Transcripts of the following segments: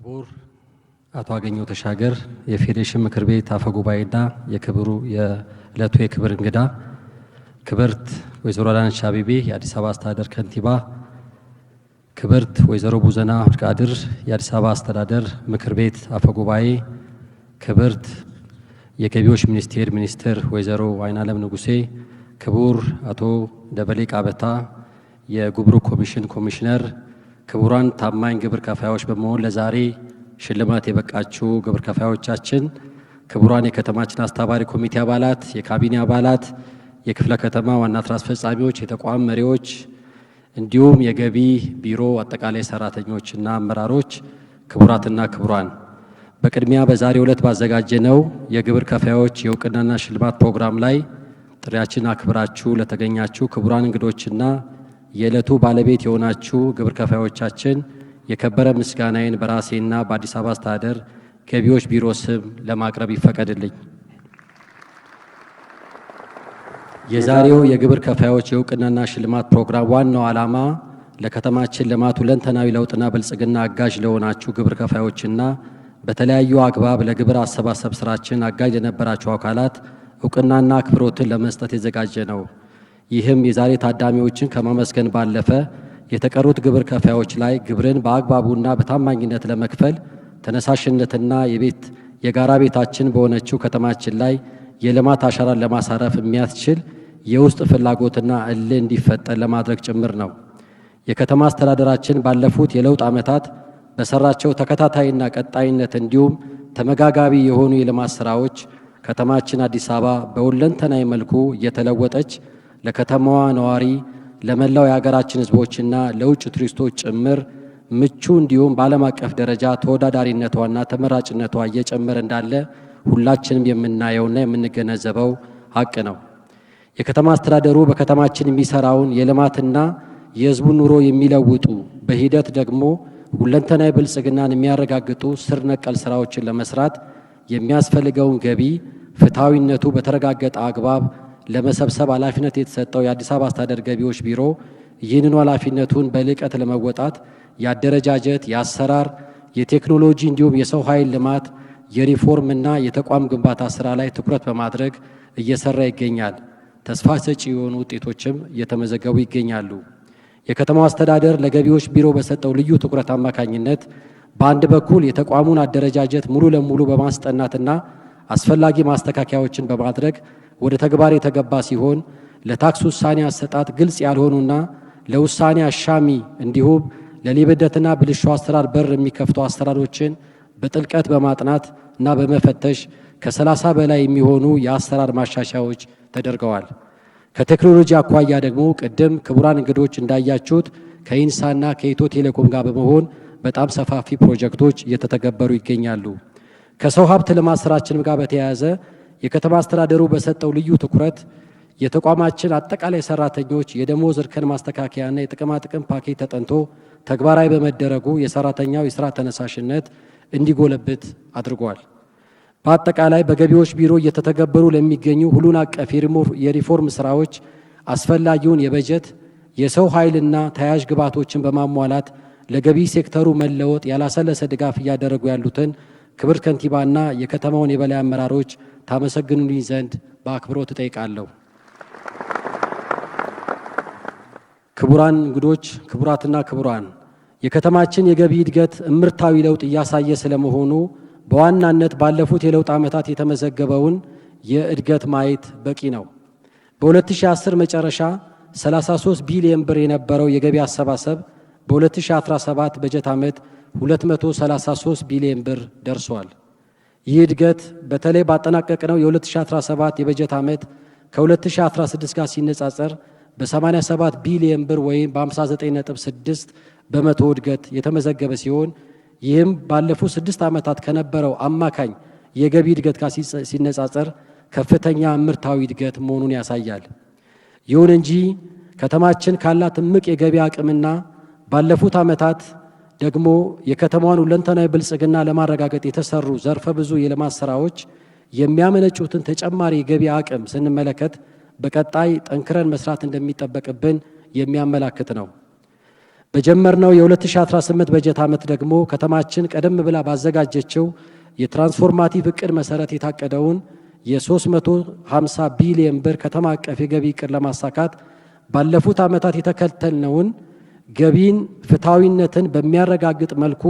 ክቡር አቶ አገኘው ተሻገር የፌዴሬሽን ምክር ቤት አፈ ጉባኤና የክብሩ የዕለቱ የክብር እንግዳ፣ ክብርት ወይዘሮ አዳነች አቤቤ የአዲስ አበባ አስተዳደር ከንቲባ፣ ክብርት ወይዘሮ ቡዘና አብድቃድር የአዲስ አበባ አስተዳደር ምክር ቤት አፈ ጉባኤ፣ ክብርት የገቢዎች ሚኒስቴር ሚኒስትር ወይዘሮ አይናለም ንጉሴ፣ ክቡር አቶ ደበሌ ቃበታ የጉምሩክ ኮሚሽን ኮሚሽነር ክቡራን ታማኝ ግብር ከፋዮች በመሆን ለዛሬ ሽልማት የበቃችሁ ግብር ከፋዮቻችን፣ ክቡራን የከተማችን አስተባባሪ ኮሚቴ አባላት፣ የካቢኔ አባላት፣ የክፍለ ከተማ ዋና ስራ አስፈጻሚዎች፣ የተቋም መሪዎች እንዲሁም የገቢ ቢሮ አጠቃላይ ሰራተኞችና አመራሮች፣ ክቡራትና ክቡራን በቅድሚያ በዛሬው ዕለት ባዘጋጀነው የግብር ከፋዮች የእውቅናና ሽልማት ፕሮግራም ላይ ጥሪያችን አክብራችሁ ለተገኛችሁ ክቡራን እንግዶችና የዕለቱ ባለቤት የሆናችሁ ግብር ከፋዮቻችን የከበረ ምስጋናዬን በራሴና በአዲስ አበባ አስተዳደር ገቢዎች ቢሮ ስም ለማቅረብ ይፈቀድልኝ። የዛሬው የግብር ከፋዮች የእውቅናና ሽልማት ፕሮግራም ዋናው ዓላማ ለከተማችን ልማት ሁለንተናዊ ለውጥና ብልጽግና አጋዥ ለሆናችሁ ግብር ከፋዮችና በተለያዩ አግባብ ለግብር አሰባሰብ ስራችን አጋዥ ለነበራችሁ አካላት እውቅናና አክብሮትን ለመስጠት የዘጋጀ ነው። ይህም የዛሬ ታዳሚዎችን ከማመስገን ባለፈ የተቀሩት ግብር ከፋዮች ላይ ግብርን በአግባቡና በታማኝነት ለመክፈል ተነሳሽነትና የቤት የጋራ ቤታችን በሆነችው ከተማችን ላይ የልማት አሻራን ለማሳረፍ የሚያስችል የውስጥ ፍላጎትና እልህ እንዲፈጠር ለማድረግ ጭምር ነው። የከተማ አስተዳደራችን ባለፉት የለውጥ ዓመታት በሰራቸው ተከታታይና ቀጣይነት እንዲሁም ተመጋጋቢ የሆኑ የልማት ስራዎች ከተማችን አዲስ አበባ በሁለንተናዊ መልኩ እየተለወጠች ለከተማዋ ነዋሪ፣ ለመላው የሀገራችን ህዝቦችና ለውጭ ቱሪስቶች ጭምር ምቹ እንዲሁም በዓለም አቀፍ ደረጃ ተወዳዳሪነቷና ተመራጭነቷ እየጨመረ እንዳለ ሁላችንም የምናየውና የምንገነዘበው ሀቅ ነው። የከተማ አስተዳደሩ በከተማችን የሚሰራውን የልማትና የህዝቡን ኑሮ የሚለውጡ በሂደት ደግሞ ሁለንተናዊ ብልጽግናን የሚያረጋግጡ ስር ነቀል ስራዎችን ለመስራት የሚያስፈልገውን ገቢ ፍትሐዊነቱ በተረጋገጠ አግባብ ለመሰብሰብ ኃላፊነት የተሰጠው የአዲስ አበባ አስተዳደር ገቢዎች ቢሮ ይህንኑ ኃላፊነቱን በልቀት ለመወጣት የአደረጃጀት፣ የአሰራር፣ የቴክኖሎጂ እንዲሁም የሰው ኃይል ልማት የሪፎርም እና የተቋም ግንባታ ስራ ላይ ትኩረት በማድረግ እየሰራ ይገኛል። ተስፋ ሰጪ የሆኑ ውጤቶችም እየተመዘገቡ ይገኛሉ። የከተማው አስተዳደር ለገቢዎች ቢሮ በሰጠው ልዩ ትኩረት አማካኝነት በአንድ በኩል የተቋሙን አደረጃጀት ሙሉ ለሙሉ በማስጠናትና አስፈላጊ ማስተካከያዎችን በማድረግ ወደ ተግባር የተገባ ሲሆን ለታክስ ውሳኔ አሰጣጥ ግልጽ ያልሆኑና ለውሳኔ አሻሚ እንዲሁም ለሌብደትና ብልሹ አሰራር በር የሚከፍቱ አሰራሮችን በጥልቀት በማጥናት እና በመፈተሽ ከ30 በላይ የሚሆኑ የአሰራር ማሻሻያዎች ተደርገዋል። ከቴክኖሎጂ አኳያ ደግሞ ቅድም ክቡራን እንግዶች እንዳያችሁት ከኢንሳና ከኢትዮ ቴሌኮም ጋር በመሆን በጣም ሰፋፊ ፕሮጀክቶች እየተተገበሩ ይገኛሉ። ከሰው ሀብት ልማት ስራችንም ጋር በተያያዘ የከተማ አስተዳደሩ በሰጠው ልዩ ትኩረት የተቋማችን አጠቃላይ ሰራተኞች የደሞዝ እርከን ማስተካከያና የጥቅማ ጥቅም ፓኬጅ ተጠንቶ ተግባራዊ በመደረጉ የሰራተኛው የስራ ተነሳሽነት እንዲጎለብት አድርጓል። በአጠቃላይ በገቢዎች ቢሮ እየተተገበሩ ለሚገኙ ሁሉን አቀፍ የሪፎርም ስራዎች አስፈላጊውን የበጀት የሰው ኃይልና ተያያዥ ግብዓቶችን በማሟላት ለገቢ ሴክተሩ መለወጥ ያላሰለሰ ድጋፍ እያደረጉ ያሉትን ክብር ከንቲባና የከተማውን የበላይ አመራሮች ታመሰግኑልኝ ዘንድ በአክብሮት እጠይቃለሁ። ክቡራን እንግዶች፣ ክቡራትና ክቡራን የከተማችን የገቢ እድገት እምርታዊ ለውጥ እያሳየ ስለመሆኑ በዋናነት ባለፉት የለውጥ ዓመታት የተመዘገበውን የእድገት ማየት በቂ ነው። በ2010 መጨረሻ 33 ቢሊዮን ብር የነበረው የገቢ አሰባሰብ በ2017 በጀት ዓመት 233 ቢሊዮን ብር ደርሷል። ይህ እድገት በተለይ ባጠናቀቅነው የ2017 የበጀት ዓመት ከ2016 ጋር ሲነጻጸር በ87 ቢሊየን ብር ወይም በ59.6 በመቶ እድገት የተመዘገበ ሲሆን ይህም ባለፉት ስድስት ዓመታት ከነበረው አማካኝ የገቢ እድገት ጋር ሲነጻጸር ከፍተኛ ምርታዊ እድገት መሆኑን ያሳያል። ይሁን እንጂ ከተማችን ካላት እምቅ የገቢ አቅምና ባለፉት ዓመታት ደግሞ የከተማዋን ሁለንተናዊ ብልጽግና ለማረጋገጥ የተሰሩ ዘርፈ ብዙ የልማት ስራዎች የሚያመነጩትን ተጨማሪ የገቢ አቅም ስንመለከት በቀጣይ ጠንክረን መስራት እንደሚጠበቅብን የሚያመላክት ነው። በጀመርነው የ2018 በጀት ዓመት ደግሞ ከተማችን ቀደም ብላ ባዘጋጀችው የትራንስፎርማቲቭ እቅድ መሰረት የታቀደውን የ350 ቢሊየን ብር ከተማ አቀፍ የገቢ እቅድ ለማሳካት ባለፉት ዓመታት የተከተልነውን ገቢን ፍትሐዊነትን በሚያረጋግጥ መልኩ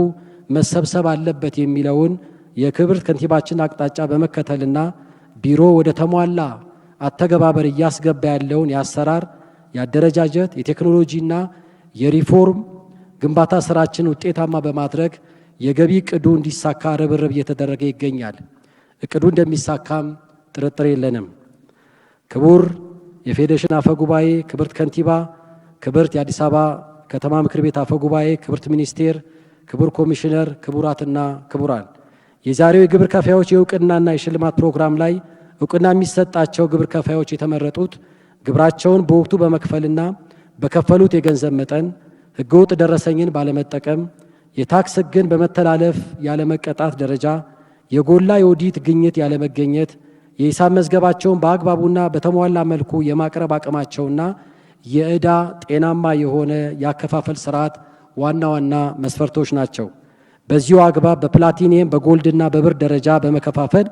መሰብሰብ አለበት የሚለውን የክብርት ከንቲባችን አቅጣጫ በመከተልና ቢሮ ወደ ተሟላ አተገባበር እያስገባ ያለውን የአሰራር የአደረጃጀት የቴክኖሎጂና የሪፎርም ግንባታ ስራችን ውጤታማ በማድረግ የገቢ እቅዱ እንዲሳካ ርብርብ እየተደረገ ይገኛል። እቅዱ እንደሚሳካም ጥርጥር የለንም። ክቡር የፌዴሬሽን አፈ ጉባኤ፣ ክብርት ከንቲባ፣ ክብርት የአዲስ አበባ ከተማ ምክር ቤት አፈ ጉባኤ፣ ክብርት ሚኒስቴር፣ ክቡር ኮሚሽነር፣ ክቡራትና ክቡራን የዛሬው የግብር ከፋዮች የእውቅናና የሽልማት ፕሮግራም ላይ እውቅና የሚሰጣቸው ግብር ከፋዮች የተመረጡት ግብራቸውን በወቅቱ በመክፈልና በከፈሉት የገንዘብ መጠን ህገወጥ ደረሰኝን ባለመጠቀም የታክስ ህግን በመተላለፍ ያለመቀጣት ደረጃ የጎላ የኦዲት ግኝት ያለመገኘት የሂሳብ መዝገባቸውን በአግባቡና በተሟላ መልኩ የማቅረብ አቅማቸውና የዕዳ ጤናማ የሆነ የአከፋፈል ስርዓት ዋና ዋና መስፈርቶች ናቸው። በዚሁ አግባብ በፕላቲኒየም በጎልድና በብር ደረጃ በመከፋፈል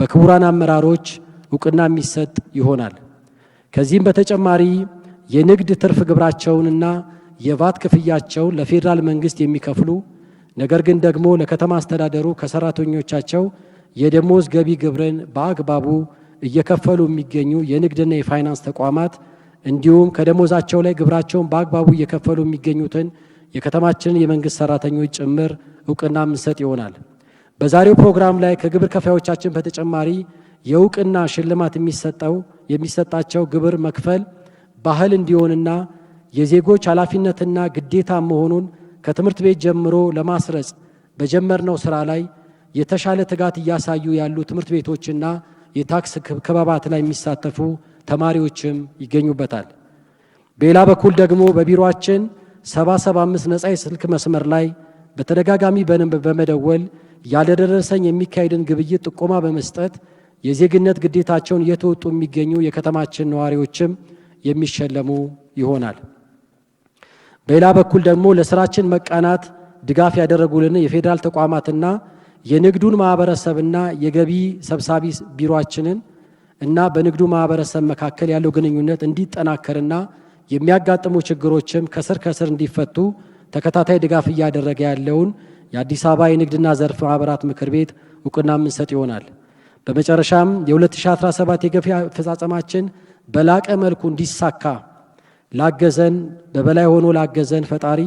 በክቡራን አመራሮች እውቅና የሚሰጥ ይሆናል። ከዚህም በተጨማሪ የንግድ ትርፍ ግብራቸውንና የቫት ክፍያቸውን ለፌዴራል መንግስት የሚከፍሉ ነገር ግን ደግሞ ለከተማ አስተዳደሩ ከሰራተኞቻቸው የደሞዝ ገቢ ግብርን በአግባቡ እየከፈሉ የሚገኙ የንግድና የፋይናንስ ተቋማት እንዲሁም ከደሞዛቸው ላይ ግብራቸውን በአግባቡ እየከፈሉ የሚገኙትን የከተማችንን የመንግስት ሰራተኞች ጭምር እውቅና ምንሰጥ ይሆናል። በዛሬው ፕሮግራም ላይ ከግብር ከፋዮቻችን በተጨማሪ የእውቅና ሽልማት የሚሰጠው የሚሰጣቸው ግብር መክፈል ባህል እንዲሆንና የዜጎች ኃላፊነትና ግዴታ መሆኑን ከትምህርት ቤት ጀምሮ ለማስረጽ በጀመርነው ስራ ላይ የተሻለ ትጋት እያሳዩ ያሉ ትምህርት ቤቶችና የታክስ ክበባት ላይ የሚሳተፉ ተማሪዎችም ይገኙበታል። በሌላ በኩል ደግሞ በቢሮአችን 775 ነጻ የስልክ መስመር ላይ በተደጋጋሚ በመደወል ያለደረሰኝ የሚካሄድን ግብይት ጥቆማ በመስጠት የዜግነት ግዴታቸውን እየተወጡ የሚገኙ የከተማችን ነዋሪዎችም የሚሸለሙ ይሆናል። በሌላ በኩል ደግሞ ለስራችን መቃናት ድጋፍ ያደረጉልን የፌዴራል ተቋማትና የንግዱን ማህበረሰብና የገቢ ሰብሳቢ ቢሮአችንን እና በንግዱ ማህበረሰብ መካከል ያለው ግንኙነት እንዲጠናከርና የሚያጋጥሙ ችግሮችም ከስር ከስር እንዲፈቱ ተከታታይ ድጋፍ እያደረገ ያለውን የአዲስ አበባ የንግድና ዘርፍ ማህበራት ምክር ቤት እውቅና የምንሰጥ ይሆናል። በመጨረሻም የ2017 የገቢ አፈጻጸማችን በላቀ መልኩ እንዲሳካ ላገዘን በበላይ ሆኖ ላገዘን ፈጣሪ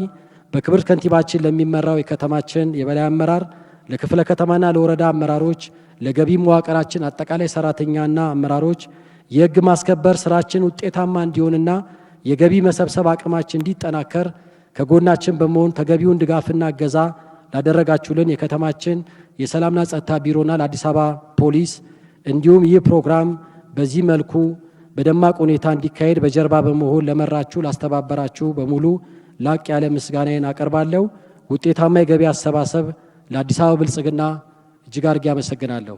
በክብር ከንቲባችን ለሚመራው የከተማችን የበላይ አመራር ለክፍለ ከተማና ለወረዳ አመራሮች፣ ለገቢ መዋቅራችን አጠቃላይ ሰራተኛና አመራሮች የሕግ ማስከበር ስራችን ውጤታማ እንዲሆንና የገቢ መሰብሰብ አቅማችን እንዲጠናከር ከጎናችን በመሆን ተገቢውን ድጋፍና እገዛ ላደረጋችሁልን የከተማችን የሰላምና ጸጥታ ቢሮና ለአዲስ አበባ ፖሊስ እንዲሁም ይህ ፕሮግራም በዚህ መልኩ በደማቅ ሁኔታ እንዲካሄድ በጀርባ በመሆን ለመራችሁ፣ ላስተባበራችሁ በሙሉ ላቅ ያለ ምስጋናዬን አቀርባለሁ። ውጤታማ የገቢ አሰባሰብ ለአዲስ አበባ ብልጽግና እጅግ አድርጌ አመሰግናለሁ።